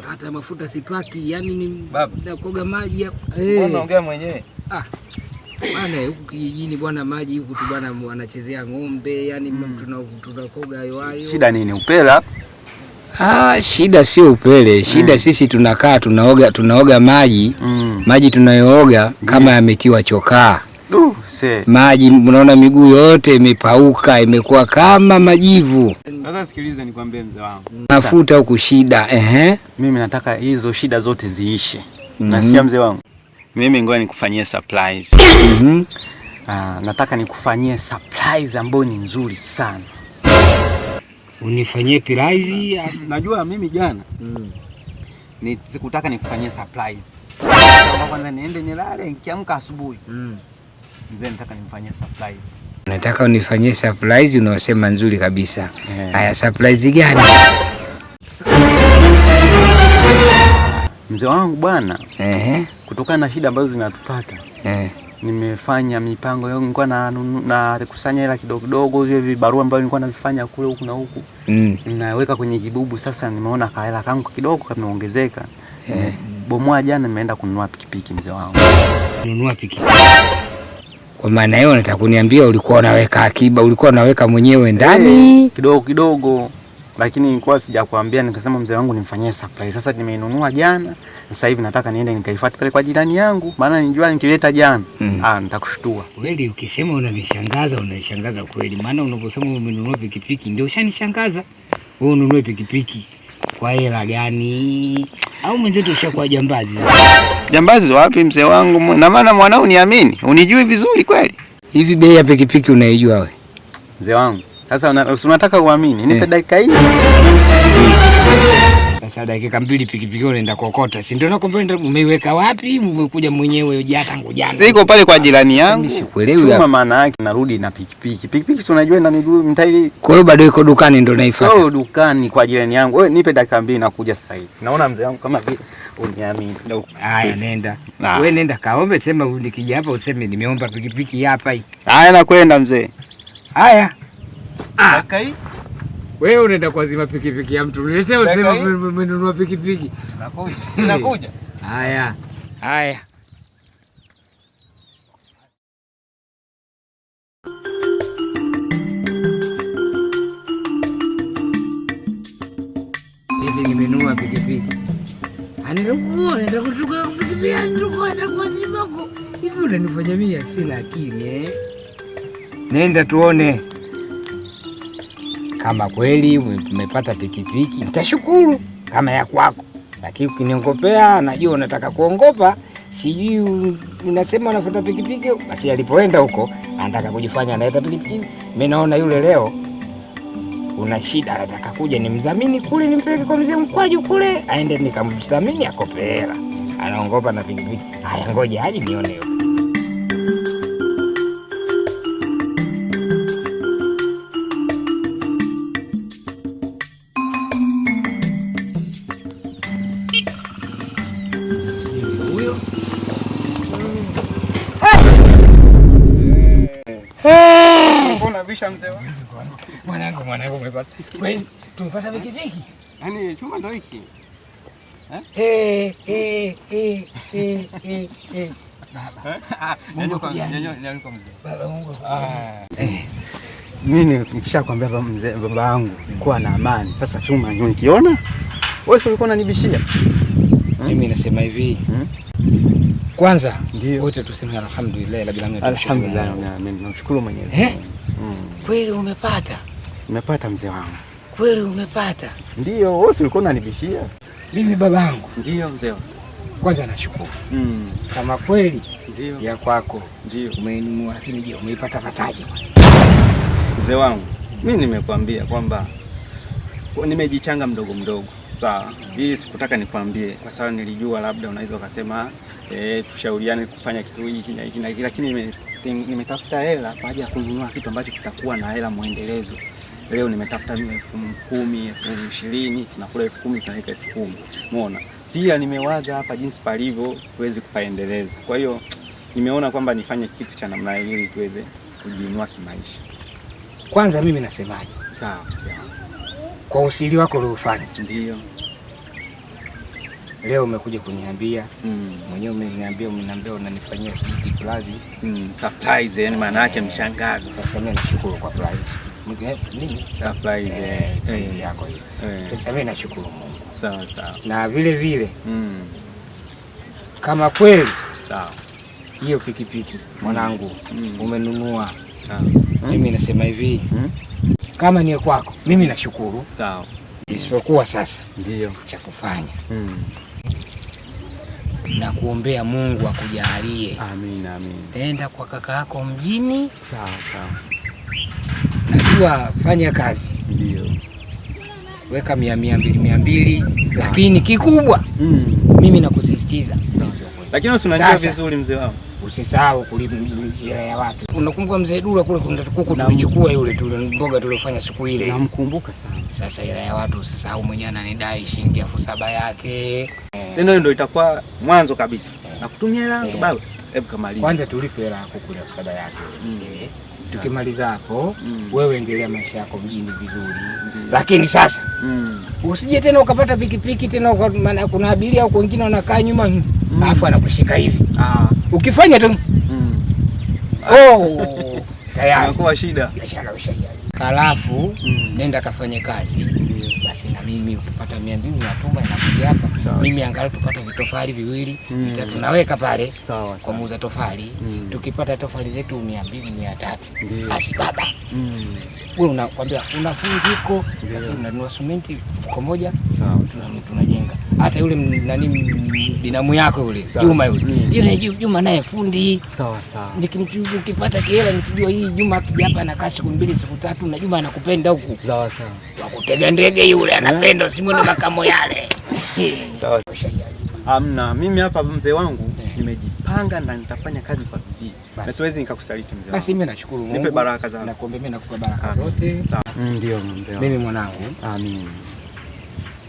baba. Hata mafuta sipati, yani ni nakoga maji hapa. Hey. Eh. Naongea mwenyewe. Ah. Bwana huku kijijini bwana, maji huku tu bwana, wanachezea ng'ombe yani mm. tuna tunakoga hayo hayo. Shida nini upela? Ah, shida sio upele, shida mm. sisi tunakaa tunaoga tunaoga maji mm. maji tunayooga kama mm. yametiwa chokaa maji, mnaona miguu yote imepauka, imekuwa kama majivu. Sasa sikiliza, nikwambie mzee wangu, mafuta huku shida. Ehe, mimi nataka hizo shida zote ziishe. mm -hmm. Nasikia mzee wangu, mimi ngoja nikufanyie surprise. mm Ah, nataka nikufanyie surprise ambayo ni nzuri sana. Unifanyie surprise? Najua mimi jana mm. Ni sikutaka nikufanyie surprise. Kwanza niende nilale, nikiamka asubuhi mm mzee nataka nimfanyie surprise. Nataka unifanyie surprise unaosema nzuri kabisa. Eh. Haya, yeah. Surprise gani? Mzee wangu bwana, eh, kutokana na shida ambazo zinatupata eh, nimefanya mipango yangu, nilikuwa na nakusanya hela kidogo kidogo, zile vibarua ambavyo nilikuwa navifanya kule huku na huku mm, naweka kwenye kibubu. Sasa nimeona kahela kangu kidogo kameongezeka eh. Bomoa jana nimeenda kununua pikipiki mzee wangu, kununua pikipiki kwa maana hiyo nataka kuniambia ulikuwa unaweka akiba, ulikuwa unaweka mwenyewe ndani hey, eh, kidogo kidogo, lakini nilikuwa sijakwambia, nikasema mzee wangu nimfanyie surprise. Sasa nimeinunua jana, sasa hivi nataka niende nikaifuate pale kwa jirani yangu, maana nijua nikileta jana mm. ah, nitakushtua kweli. Ukisema unanishangaza, unanishangaza kweli, maana unaposema umenunua pikipiki ndio ushanishangaza. Wewe ununue pikipiki kwa hela gani? au mwenzetu ushakuwa jambazi? Jambazi wapi mzee wangu, na maana mwanao niamini, unijui vizuri kweli. Hivi bei ya pikipiki unaijua wewe mzee wangu? Sasa unataka uamini, nipe eh. dakika hii sasa dakika mbili pikipiki unaenda kuokota, si ndio? Nakombe umeiweka wapi? Umekuja mwenyewe uja tangu jana. Siko pale kwa jirani yangu. Mimi sikuelewi hapo. Maana yake narudi na pikipiki. Pikipiki si unajua ina miguu mtaili. Kwa hiyo bado iko dukani ndio naifuata. Oh, dukani kwa jirani yangu. Wewe nipe dakika mbili nakuja sasa hivi. Naona mzee wangu kama vile uniamini. Haya nenda. Ah. Wewe nenda kaombe, sema nikija hapa useme nimeomba pikipiki hapa hii. Haya nakwenda mzee. Haya. Ah. Dakika hii. Wewe unaenda kuazima pikipiki ya mtu, niletee usema umenunua pikipiki. Nakuja. Haya. Haya. Hizi nimenunua pikipiki. kutuka pikipiki, kuazima huko. Hivi unanifanya mimi sina akili eh? Nenda tuone. Kama kweli umepata pikipiki nitashukuru kama ya kwako, lakini ukiniongopea, najua unataka kuongopa, sijui unasema unafuata pikipiki. Basi alipoenda huko anataka kujifanya analeta pikipiki. Mimi naona yule leo kuna shida, anataka kuja nimdhamini kule, nimpeleke kwa mzee Mkwaju kule, aende nikamdhamini akope hela, anaongopa na pikipiki. Haya, ngoja aje nione. Kabisha mzee wangu. Mwanangu, mwanangu umepata. tumepata yaani, chuma ndio hiki. Eh? Eh? Ah, Mimi yaani yaani- mzee baba yangu ah. eh. kuwa na amani. Sasa chuma nikiona wewe ulikuwa unanibishia. Mimi nasema hivi. Hmm? Kwanza wote tuseme alhamdulillah, la bila alhamdulillah, mimi namshukuru Mwenyezi eh? Mungu. Mm. Kweli umepata? Umepata mzee wangu, kweli umepata? Ndio, wewe ulikuwa unanibishia mimi babangu. Ndio mzee wangu, kwanza nashukuru mm. kama kweli ndio ya kwako ndio umeinunua, lakini je, umeipata mataji Mzee wangu, mimi nimekwambia kwamba nimejichanga mdogo mdogo Sawa, hii sikutaka nikwambie kwa sababu nilijua labda unaweza ukasema e, tushauriane kufanya kitu hiki na hiki na hiki, lakini nimetafuta hela kwa ajili ya kununua kitu ambacho kitakuwa na hela mwendelezo. Leo nimetafuta mimi elfu kumi elfu ishirini tunakula elfu kumi tunaweka elfu kumi umeona. Pia nimewaza hapa jinsi palivyo tuweze kupaendeleza. Kwa hiyo nimeona kwamba nifanye kitu cha namna hii ili tuweze kujiinua kimaisha. Kwanza mimi nasemaje? Sawa, sawa kwa usiri wako uliofanya. Ndio. Leo umekuja kuniambia mm. mwenyewe, umeniambia umeniambia unanifanyia sijui plazi Mm, surprise yani maana yake mshangazo. Sasa mimi nashukuru kwa prize. Eh, eh, eh, yako hiyo. Sasa mimi nashukuru Mungu. Sawa sawa. Na vile vile mm. kama kweli sawa. Hiyo pikipiki mwanangu mm. umenunua. Mimi nasema hivi mm kama ni kwako, mimi nashukuru, sawa. Isipokuwa sasa ndio cha kufanya hmm. na kuombea Mungu akujalie. Amin, amin. Enda kwa kaka yako mjini, sawa sawa. Najua fanya kazi, ndio weka mia mia mbili mia mbili, lakini kikubwa mm. mimi nakusisitiza, lakini usinanijua vizuri mzee wangu usisahau kulinjira ya watu. Unakumbuka mzee Dula kule kuna kuku tulichukua yule tule mboga tuliofanya siku ile. Namkumbuka sana. Sasa ila ya watu usisahau, mwenyewe ananidai shilingi elfu saba yake. Tena eh, ndio itakuwa mwanzo kabisa. Na kutumia hela yangu eh. baba. Hebu kamaliza. Kwanza tulipe hela yako kule elfu saba yake. Mm. Tukimaliza hapo mm. wewe endelea maisha yako mjini vizuri. Mm. Lakini sasa usije tena ukapata pikipiki tena, maana kuna abiria au wengine wanakaa nyuma Mm. alafu anakushika hivi, ah. ukifanya tu mm. oh, tayari shida. mm. nenda kafanye kazi basi, na mimi ukipata mia mbili natuma inakuja hapa, mimi angalau tupate vitofali viwili mm. vitatu, mm. naweka pale kwa muuza tofali mm. tukipata tofali zetu mia mbili mia tatu basi baba mm wewe unakwambia una fundi huko, lakini unanunua simenti kwa moja, tunajenga. Hata yule nani binamu yako yule Juma yule mm. yule Juma naye fundi sawa sawa, ukipata kihela nikijua hii Juma akija hapa anakaa siku mbili siku tatu, na Juma anakupenda huku sawa sawa, wakutega ndege yule anapenda usimwone makamo yale sawa. Amna, mimi hapa mzee wangu eh. nimejipanga na nitafanya kazi kwa na siwezi nikakusaliti mzee. Basi mimi nashukuru Mungu. Nipe baraka zangu. Nakuombea mimi nakupa baraka zote. Mm, sawa. Ndio mzee. Mimi mwanangu. Amin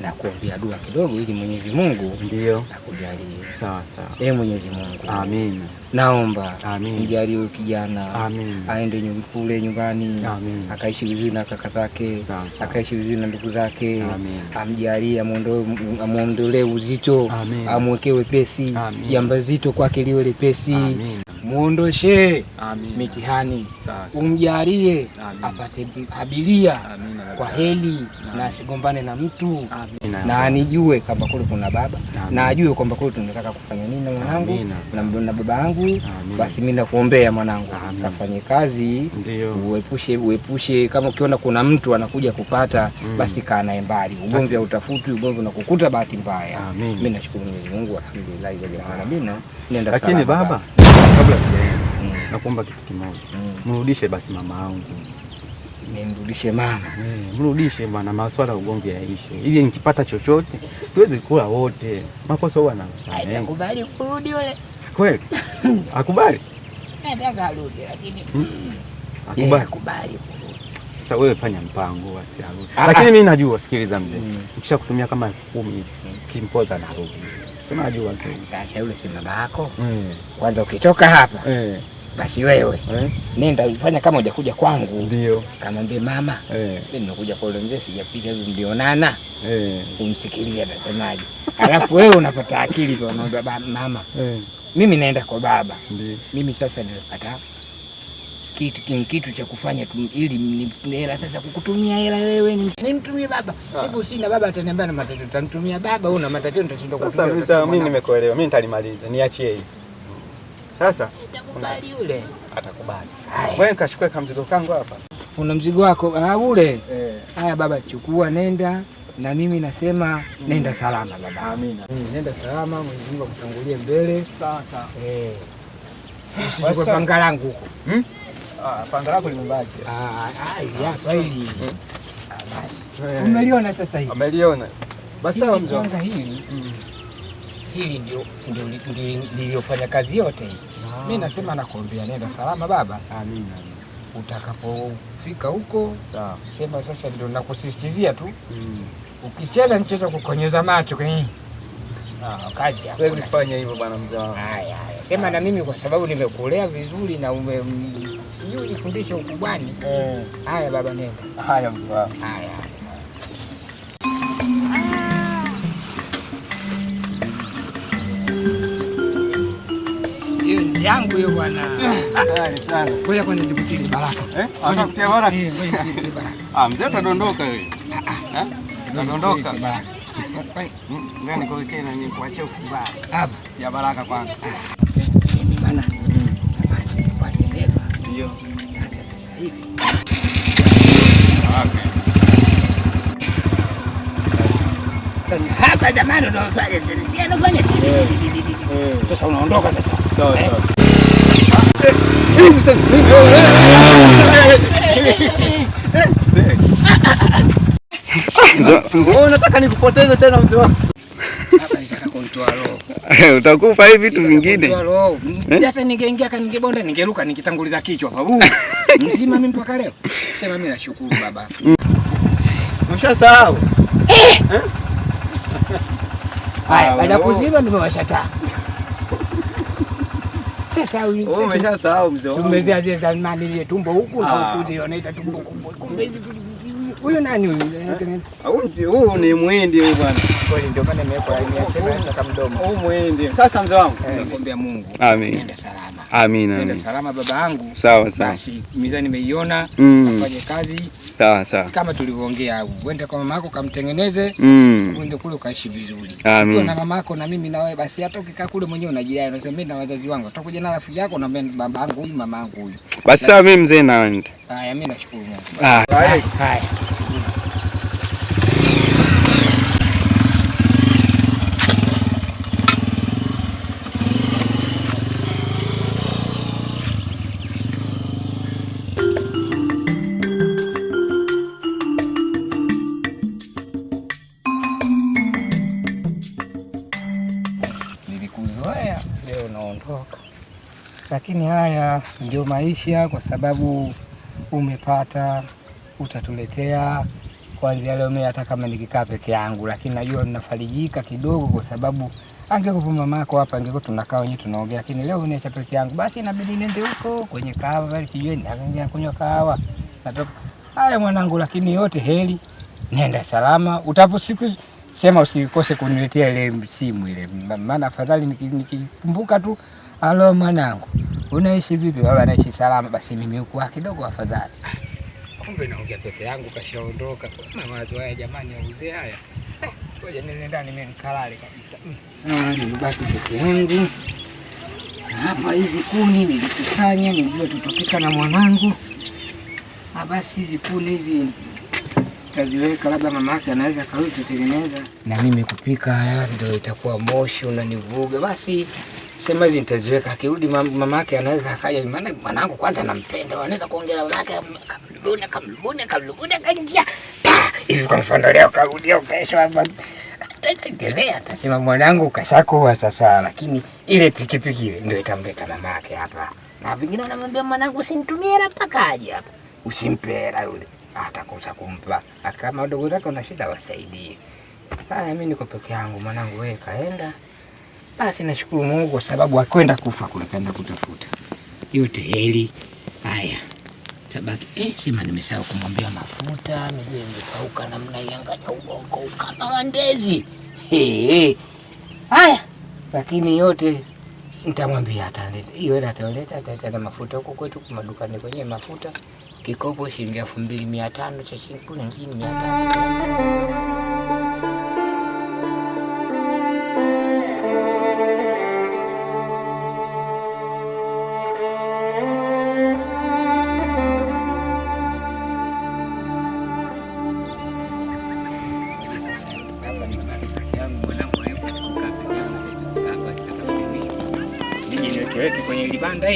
na kuombea dua kidogo ili Mwenyezi Mungu ndio akujalie. Sawa sawa. Ee Mwenyezi Mungu. Amin. Naomba mjalie huyu kijana aende kule nyumbani akaishi vizuri na kaka zake, akaishi vizuri na ndugu zake, amjalie, amwondolee uzito, amwekee wepesi, jambo zito kwake liwe lepesi, muondoshe mitihani, umjalie apate abiria kwa heli na asigombane na mtu Amin. Amina. Na anijue kama kule kuna baba Amina. Na ajue kwamba kule tunataka kufanya nini na mwanangu na baba yangu, basi mimi nakuombea mwanangu kafanye kazi Uepushe, uepushe kama ukiona kuna mtu anakuja kupata mm. Basi kaa naye mbali, ugomvi hautafuti ugomvi unakukuta bahati mbaya. Mimi nashukuru Mwenyezi Mungu alhamdulillah, nenda salama. Lakini baba kabla sijaenda mm. nakuomba kitu kimoja, mm. mrudishe basi mama yangu Nimrudishe mama. Hmm, mrudishe bana, maswala ugomvi yaishe, ili nikipata chochote tuweze kula wote. Makosa huwa nasamehe. Akubali kurudi yule kweli? Akubali lakini hmm. akubali. Sasa wewe fanya mpango asirudi, ah, ah. lakini mimi najua. Sikiliza mzee, hmm. nikisha kutumia kama elfu kumi kimpoza narudi, si najua. Sasa yule si baba yako? Hmm. Kwanza ukitoka hapa eh basi wewe eh, nenda ifanya kama hujakuja kwangu. Ndio kamwambie mama eh, mimi nimekuja kwa ule mzee, sijapiga hivi mlionana eh, umsikilie atasemaje. Alafu wewe unapata akili tu, unaambia mama eh, mimi naenda kwa baba. ndio. mimi sasa nimepata kitu kitu cha kufanya tu, ili hela sasa kukutumia hela wewe nimtumie baba, ah. Sibu sina baba, ataniambia na matatizo, nitamtumia baba. Una matatizo nitashindwa kukutumia. Sasa mimi nimekuelewa, mimi nitalimaliza, niachie hivi sasa itakubali yule atakubali. Wewe nikachukue kama mzigo kangu hapa. Una mzigo wako ah, ule eh. haya Baba chukua, nenda na mimi nasema nenda salama baba. Amina. Mm, nenda salama, Mwenyezi Mungu akutangulie mbele. Sawa sawa. Eh. Usijikwe panga langu huko. Hmm? Ah, panga lako limebaki. Ah, ah, ya Ah, hmm. eh. Umeliona sasa hivi. Umeliona. Basi sawa mzee. hili. Hmm. Hili ndio ndio niliyofanya kazi yote hii. Mimi nasema nakuombea, nenda salama baba. Amina. Utakapofika huko sema sasa, ndio nakusisitizia tu mm. Ukicheza mchezo kukonyeza macho kwenye Ah, kazi yako. Siwezi kufanya hivyo bwana mzee wangu. Haya, sema na mimi kwa sababu nimekulea vizuri na ume sijui nifundishe ukubwani. Eh. Haya baba nenda. Haya mzee wangu. Haya. yangu hiyo bwana. Ngoja kwanza nikutie baraka. Eh? baraka. Eh, ngoja nikutie eh, baraka. Ah, mzee utadondoka wewe. Ah, ah. Eh, utadondoka. Eh, ngoja nikuwekee na Hapa. Ya baraka kwanza. Bana. Ah, Ndio. Sasa hivi. Okay. Sasa hapa jamani, unafanya sasa unaondoka sasa sawa nikupoteze tena mzee wangu? Utakufa hivi vitu vingine. Eh? Hata ningeingia kama ningebonda ningeruka nikitanguliza kichwa kwa mzima mimi mpaka leo. Sema mimi nashukuru baba. Umeshasahau? Eh! eh. Haya, ah, baada kuzima kuziba Oh, umeshasahau mzee wangu. Tumezea zile za mali ya tumbo huku na huku ah. ndio anaita tumbo kubwa. Kumbe huyu nani huyu? Ah, Huu ni mwindi huyu bwana. Kweli ndio maana nimeweka niache kama mdomo. Huu mwindi. Sasa mzee wangu, eh. nakuombea Mungu. Amin. Nenda salama. Amin. Nenda salama baba yangu. Sawa sawa. Basi mizani nimeiona, mm. afanye kazi. Sawa sawa. Kama tulivyoongea, uende kwa mama yako kamtengeneze, mm. uende kule ukaishi vizuri. Ukiwa na mama yako na mimi na wewe basi hata ukikaa kule mwenyewe na sema mimi na wazazi wangu. Utakuja na rafiki yako na baba yangu huyu mama yangu huyu. Basi sawa mimi mzee naenda. Haya mimi nashukuru Mungu. Ah. Haya. lakini haya ndio maisha, kwa sababu umepata utatuletea. Kwanza leo mimi hata kama nikikaa peke yangu, lakini najua ninafarijika kidogo, kwa sababu angekuwa mama yako hapa, angekuwa tunakaa wenyewe tunaongea, lakini leo niacha peke yangu, basi inabidi niende huko kwenye kahawa pale kijweni, akaingia kunywa kahawa, natoka haya mwanangu, lakini yote heri, nenda salama. siku sema usikose kuniletea ile simu ile, maana afadhali nikikumbuka tu Alo mwanangu, unaishi vipi? Baba anaishi salama. Basi mimi huku kidogo afadhali. Kumbe naongea peke yangu, kashaondoka. Mawazo haya jamani, ya uzee haya. Eh, ngoja nile ndani mimi nikalale kabisa. Sawa, mm. nimebaki peke yangu hapa. Hizi kuni nilikusanya, nilijua tutopika na mwanangu. Ah, basi hizi kuni hizi taziweka, labda mama yake anaweza kawi tutengeneza na mimi kupika. Haya ndio itakuwa moshi unanivuga basi Sema hizi nitaziweka, akirudi mamake anaweza akaja. Maana mwanangu kwanza nampenda, anaweza kuongea na mamake, kamlubuni kamlubuni kamlubuni, akaingia hivi kwa mfano, leo karudia kesho hapa atatekelea, atasema mwanangu kashakuwa sasa. Lakini ile pikipiki ile ndio itamleta mamake hapa, na vingine anamwambia mwanangu, usinitumie hela mpaka aje hapa, usimpe hela yule, atakosa kumpa. Kama ndugu zake una shida, wasaidie. Haya, mimi niko peke yangu, mwanangu wewe kaenda basi nashukuru Mungu kwa sababu akwenda kufa kule, kaenda kutafuta yote heli Haya, tabaki eh, sema nimesahau kumwambia mafuta mije mekauka namna ianganya ubongo ukama wandezi. Hey, haya lakini yote nitamwambia, ataleta iwe ataleta, ataleta na mafuta huko kwetu kumadukani kwenye mafuta, kikopo shilingi elfu mbili mia tano cha shilingi mia tano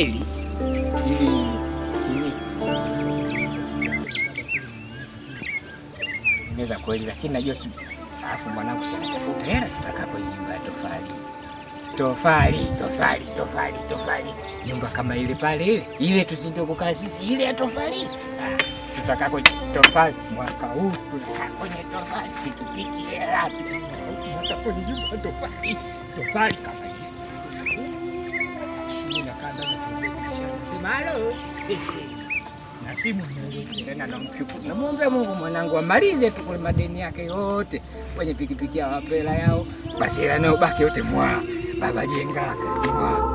maili ili naweza kweli, lakini najua si alafu mwanangu anatafuta hela, tutakaa kwenye nyumba ya tofali tofali tofali tofali tofali, nyumba kama ile pale, ile ile tusindo kukaa sisi, ile ya tofali ah, tutakaa kwenye tofali. Mwaka huu tutakaa kwenye tofali, pikipiki hela tofali tofali kama mimi nakaa namwombea Mungu mwanangu amalize tu kule madeni yake yote kwenye pikipiki ya wapela yao, basi hela nayo baki yote mwa baba jenga mwa